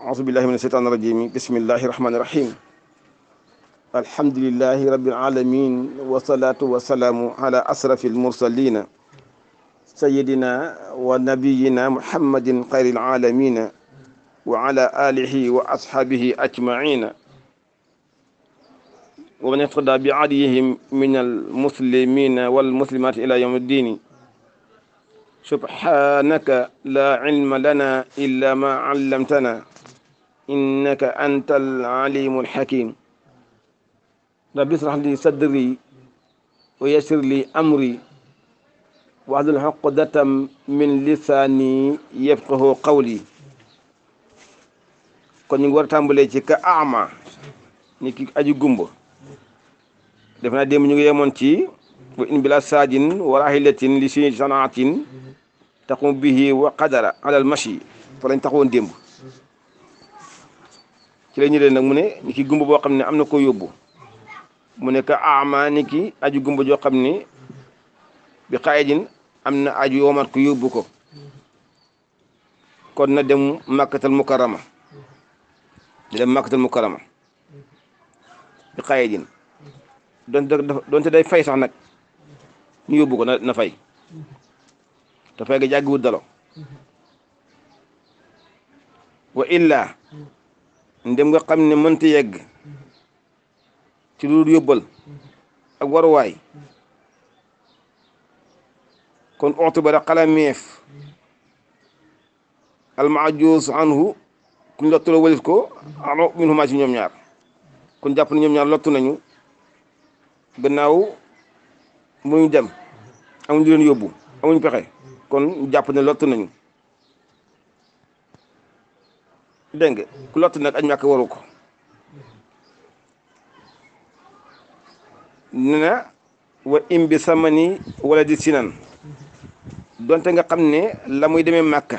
أعوذ بالله من الشيطان الرجيم بسم الله الرحمن الرحيم الحمد لله رب العالمين والصلاة والسلام على أشرف المرسلين سيدنا ونبينا محمد خير العالمين وعلى آله وأصحابه أجمعين ومن اقتدى بعديهم من المسلمين والمسلمات إلى يوم الدين subhanaka la ilma lana illa ma allamtana innaka anta al-alimu al-hakim rabbi israh li sadri wa yassir li amri wahlul uqdatan min lisani yafqahu qawli kon ñu ngi war a tàmbalee ci ka ama ni ki aji gumba def naa démb ñu ngi yemoon ci wa in bila saajin wala ahilatin li si sanaatin taqum bihi wa qadara alal mashi fa lañ taxawoon démb ci la ñu dee nag mu ne ni ki gumba boo xam ne am na ko yóbbu mu ne ka ama ni aju gumba joo xam ne bi xaayidin am na aju yoomat ko yóbbu ko kon na dem màkkatal mukarama di dem màkkatal mukarama bi xaayidin donte donte day fay sax nag ñu yóbbu ko na na fay te fay ga jàggiwut dalo wa illa ndem nga xam ne mënta yegg ci lu yóbbal ak waruwaay kon oxtu ba da xalameef almaajuus anhu kuñ lottu la walit ko ano min xumaa ñoom ñaar kon jàpp na ñoom ñaar lottu nañu gannaaw mu muñu dem amuñ lu leen yóbbu amuñ pexe kon jàpp na lottu nañu dégg nga ku lottu nag ak ñàkk waru ko ne na wa imbi samani wala di sinan donte nga xam ne la muy demee màkka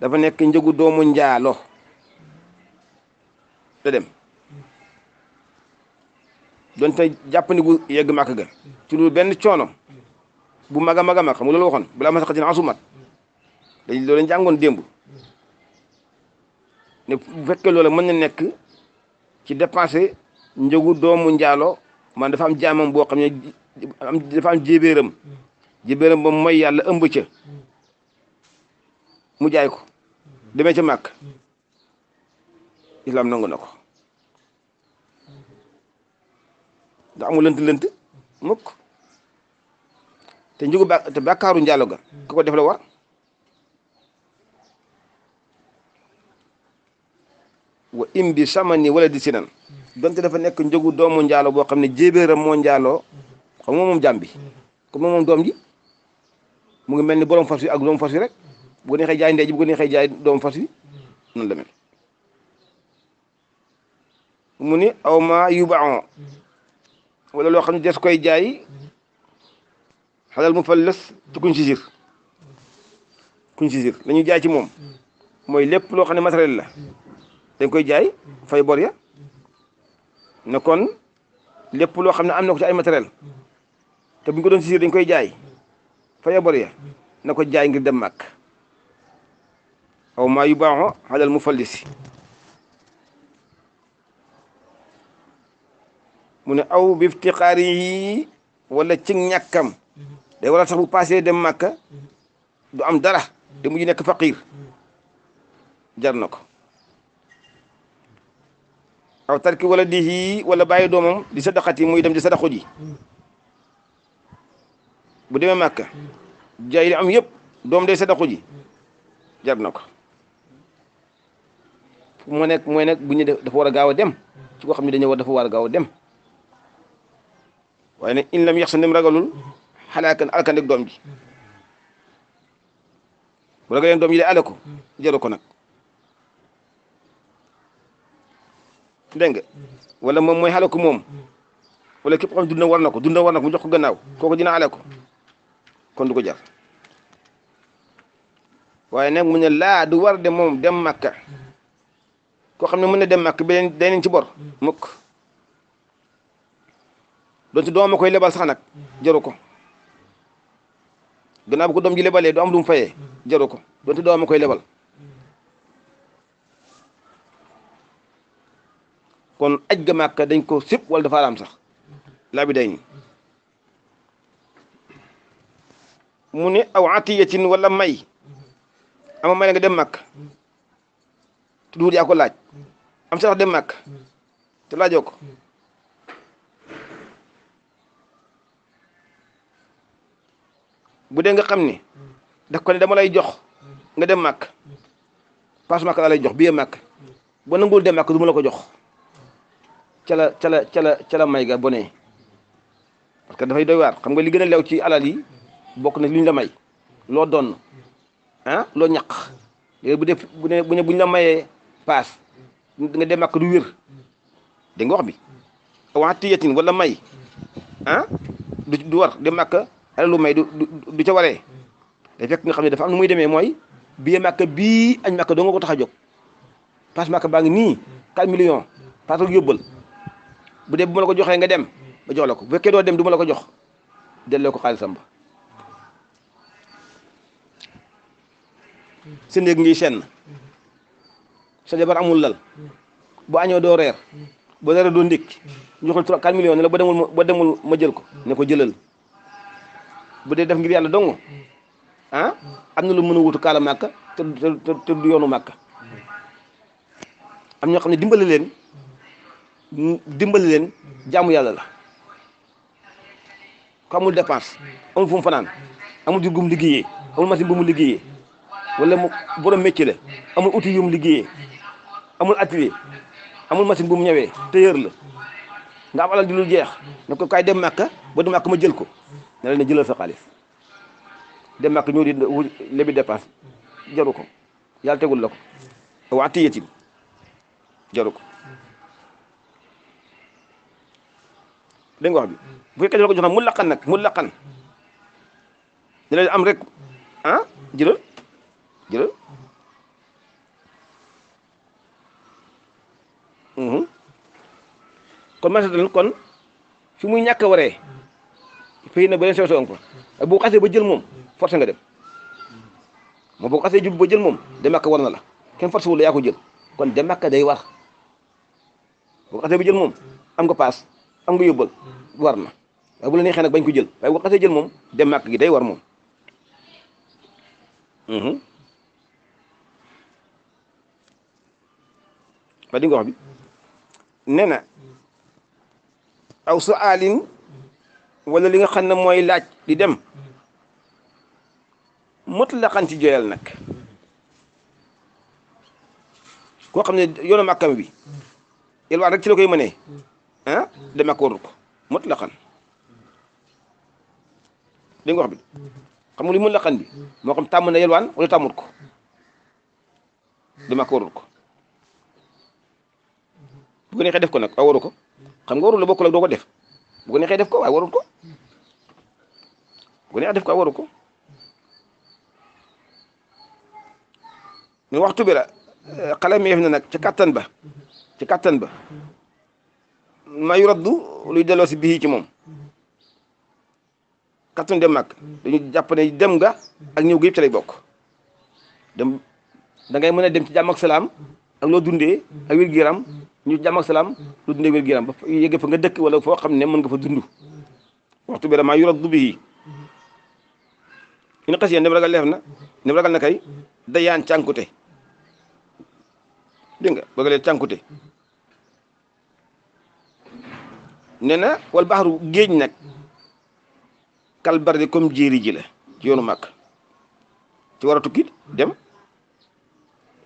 dafa nekk njëgu doomu njaalo te dem donte jàppandiku yegg màkk ga ci lu benn coono bu mag a mag a mag xam nga loolu waxoon asumat dañ loolu jàngoon démb bu fekkee loola mën na nekk ci dépensé njëgu doomu njaalo man dafa am jaamam boo xam ne am dafa am jébéeram jébéeram ba mooy yàlla ëmb ca jaay ko demee ca màkk islam nangu ko du amul lënt lënt mukk te njugu ba te bàkkaaru njaalo ga ku def la war wa imbi samani wala di sinan donte dafa nekk njugu doomu njaalo boo xam ne jébéeram moo njaaloo xam nga moom jàmm bi moom doom ji mu ngi mel ni borom fas wi ak doomu fas wi rek bu ko neexee jaay ndey ji bu ko neexee jaay fas wi noonu la mel mu ni aw ma yubaon ولا لو خن ديس كوي جاي هذا مفلس تكون جزير كون جزير لا نيو جاي تي موم موي لب لو خن ماتريال لا كوي جاي فاي بوريا نكون لب لو خن امنا كو اي ماتريال تا بو جزير دنج كوي جاي فاي بوريا نكو جاي غير دم او ما يباعو هذا المفلس mu ne aw bi iftiqaari yi wala ci ñàkkam day wala sax bu passé dem màkka du am dara te mujj nekk faqir jar na ko aw tarki wala di yii wala bàyyi doomam di sadaqati muy dem di sadaqo ji bu demee màkka jaay li am yëpp doom de sadaqo ji jar na ko fu nekk mooy nekk bu ñu dafa war a gaaw a dem ci koo xam ne dañoo war dafa war a gaaw a dem waaye ne in lam yax sa nim ragalul xalaakan alkandik doom ji bu ragaleen de ale ko jaru ko nag dégg nga moom mooy xale ko moom wala képp xam dundam war na ko dundam war ko mu ko gannaaw kooku dina ko kon du ko jar waaye nag mu ne laa du war de moom dem Makka koo xam ne mën na dem Makka beneen day ci bor mukk doonte doom a koy lebal sax nag jaru ko gannaaw bu ko doom ji lebalee du am lu mu fayee jaru ko doonte doom a koy lebal kon aj ga màkka dañ ko sib wala dafa am sax laa bi day mu ne aw atiyatin wala may ama may la nga dem màkk te duur yaa laaj am sa tax dem te laajoo ko bu nga xam ni daf ko ne dama lay jox nga dem mak pass mak lay jox billet mak bo nangul dem mak duma la ko jox ci la ci la ci la ci la may ga boné parce que fay doy war xam nga li gëna a ci alal yi bok na liñ la may lo don hein ah, lo ñak bu def bu ne bu la mayé pass nga dem mak du wër de nga bi wala may ah du war dem mak alalu may du du ca waree day fekk nga xam ne da am nu muy demee mooy billet màkk bii añ màkk doo nga ko tax a jóg passe màkk baa ngi nii 4 millions passe ak yóbbal bu dee bu ma la ko joxee nga dem ba jox la ko bu fekkee doo dem du ma la ko jox delloo ko xaalisam ba sa ngi senn sa jabar amul lal boo reer doo ndékki ñu joxul 3 4 ba demul ba demul ma jël ko ne ko jëlal bu dee def ngir yàlla dong ah am na lu mën a wutu kaala màkk te du yoonu màkk am ñoo xam ne dimbali leen dimbali leen jaamu yàlla la ku amul dépense amul fu fanaan amul jur gu mu liggéeyee amul machine bu mu liggéeyee walla mu borom métier la amul outil yu mu amul atelier amul machine bu mu ñëwee tailleur la nga am alal ju lu jeex ne ko dem màkk boo dem màkk ma jël ko ne leen ne jëlal sa xaalis dem ak ñëw dépense jaru ko yàlla tegul la ko waa tiyatin jaru ko bu fekkee ko jox mu laqan nag mu lakkan ne leen am rek ah jëlal jëlal mhm. kon macha kon fi muy ñàkk waree ba nag beneen solution ko ak boo xasee ba jël moom forcé nga dem moom boo xasee ba jël moom dem Makka war na la kenn forcé wul la yaa ko jël kon dem Makka day war boo xasee ba jël moom am nga paas am nga yóbbal war na waaye bu la neexee ko jël waaye boo xasee moom dem Makka gi day war moom mhm. ba di nga wax bi aw su aalin ولا لي خن موي لاج دي ديم مطلقا تي نك كو خن يونو مكام بي يل وا رك تي لوكاي ماني ها دي مكورك مطلقا دي نغخ بي خم لي مطلقا بي موكم تام نا يلوان ولا تامورك دي مكورك بوغي نخي ديف كو نك اورو كو خم غورو لو بوكو لو دوكو ديف bu ko neexee def ko waaye ko bu ko neexee def ko waaye waru ko ñu waxtu bi la eh, xale mi yëf na nag ci kattan ba ci kattan ba ma yuraddu luy delloo si bii ci moom kattan dem mag dañu jàpp dem nga ak ñëw gi yëpp ci bokk dem mën a dem ci jàmm ak salaam ak loo dundee ak wér ñu jàmm ak salaam lu dundee wér gu yaram fa nga dëkk wala foo xam ne mën nga fa dund waxtu bi vraiment yuraddu bihi in xas yéen dem ragal leef na dem ragal na kay dayaan cànkute dégg nga bëgg leen cànkute nee na wal baxaru géej nag kal barde comme jéeri ji la ci yoonu màkk ci war a tukki dem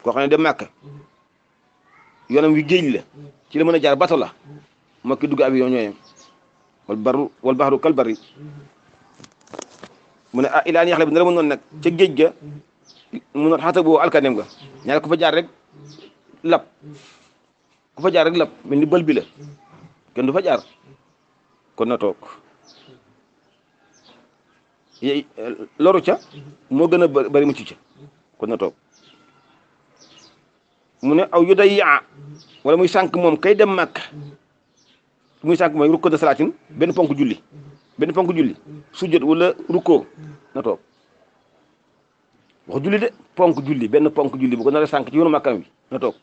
koo xam ne dem màkk yonam wi géej la ci la mën jaar bato la makki dug abi avion wal baru wal bahru kal bari mune a ah, ila ni xale bi nara mën noonu nag ga mu noon xaata al kanem ga ñaar ku fa jaar rek lab ku fa jaar rek lab min ni bal bi la kenn du fa jaar kon na toog eh, loru ca mo gëna bari mu ci ca kon na tok mu ne aw yu day yaa wala muy sànq moom kay dem màkk muy sànq mooy rukkoo de salaatin benn ponk julli benn ponk julli sujjot wala rukkoo na toog wax julli de ponk julli benn ponk julli bu ko nar a sànq ci yoonu màkkam bi na toog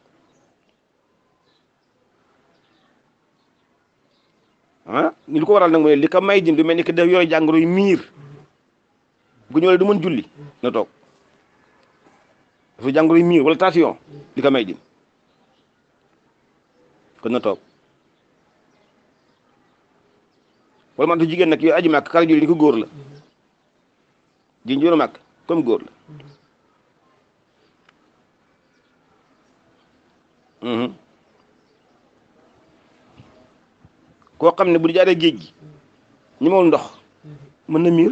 ah ni lu ko waral nag mooy li ko may jëm du mel ni que def yore jàngoro yu miir bu ko ñëwee du mën julli na toog dafa jàngoro yi miir wala tension li ko may din kon na toog wala ma tu jigéen nag yooyu aji màkk kala juli ni ko góor la jigéen ju war a màkk comme góor la mhm. koo xam ne bu di jaaree géej gi ñi ndox mën na miir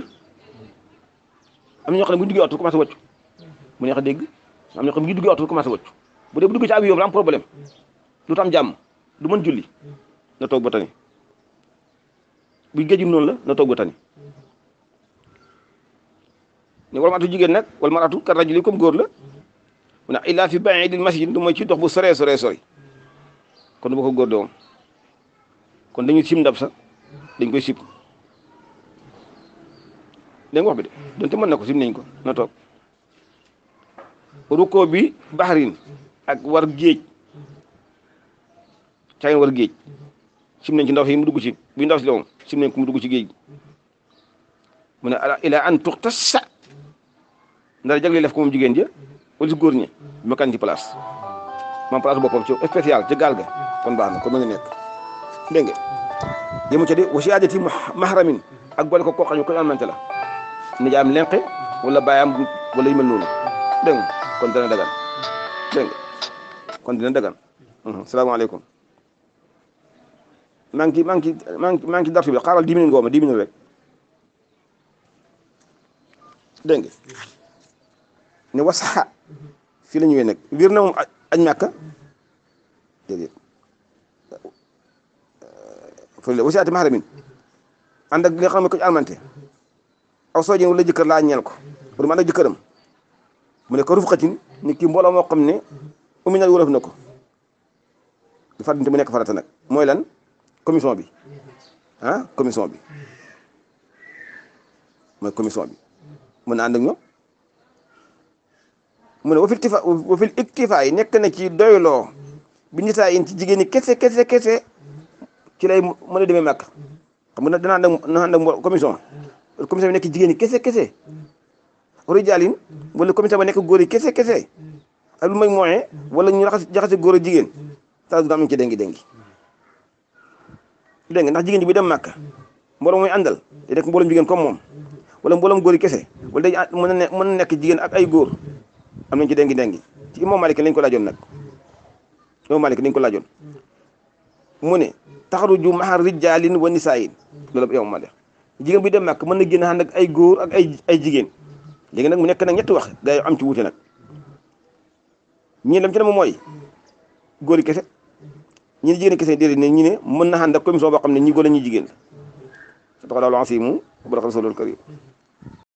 am na ñoo xam ne bu ñu duggee oto commencé wàccu mu neex a dégg am ñoo xam ngi duggee oto commencé wëcc bu dee bu duggee ci avion bi am problème du tam jàmm du mën julli na toog ba tani bu géejum noonu la na toog ba tani ne wal maratu jigéen nag wal maratu kar rajuli kom góor la mu ne illaa fi ba'idil masjid du mooy ci dox bu soree soree sori kon du ma ko góor doom kon dañu sim ndab sax dañ koy sib dégg nga bi de donte mën na ko sim nañ ko na toog ruko bi bahrin ak war geej tay war geej sim nañ ci ndox yi mu dugg ci bu ndox lo sim nañ ko mu dugg ci geej mu ne ala ila an tuqtas ndar jagle def ko mom jigen ja wala ci góor ma kan ci place man place boppam ci spécial ci galga kon baax ko kon ma nga nekk dégg di wa siadati mahramin ak bol ko xani ko lan man amante la jam lenqe wala bayam wala yu non kon dana dagan dégg nga kon dina dagan mhm. salaamaaleykum maa ngi maa ngi maa ngi dartu bi xaaral dix minutes nga ma dix minutes rek dégg nga ne wasaxa fii la ñëwee nag wér na moom añ màkka déedéet fële la li nga xam ne ko almante aw soo jëm wala jëkkër laa ñeel ko pour mu ànd ak jëkkëram mu ne ko rufqatin ni kii mbooloo moo xam ne umi na wolof na ko du fàttante mu nekk farata nag mooy lan commission bi ah commission bi mooy commission bi mën na ànd ak mu ne wa fil iktifa wa fil iktifa yi nekk na ci doyloo bi ñu saa ci jigéen ñi kese kese kese ci lay mën a demee màkk xam nga danaa ànd commission bi nekk ci kese kese rijaalin wala comité ba nekk góor yi kese kese ak lu mañ moyen wala ñu raxas jaxase góor ak jigéen saa du am ci dengi dengi dégg nga ndax jigéen ji bi dem màkka mbooloo muy àndal te rek mbooloom jigéen comme moom wala mbooloom góor yi kese wala day mën na mën nekk jigéen ak ay góor am nañ ci dengi dengi ci imam Malik lañ ko laajoon nag imam Malik lañ ko laajoon mu ne taxaruju ma'a rijaalin wa nisaayin loolu imam Malik jigéen bi dem màkk mën na génn ànd ay góor ak ay ay jigéen léegi nag mu nekk nag ñetti wax gars am ci wute nag ñi lam ci ne moom mooy góor yi kese ñi ne jigéen kese de ne ñi ne mën na ànd ak commission boo xam ne ñi góor la ñuy jigéen la sa taxa daal ansi mu bu raxal soloolu kër yi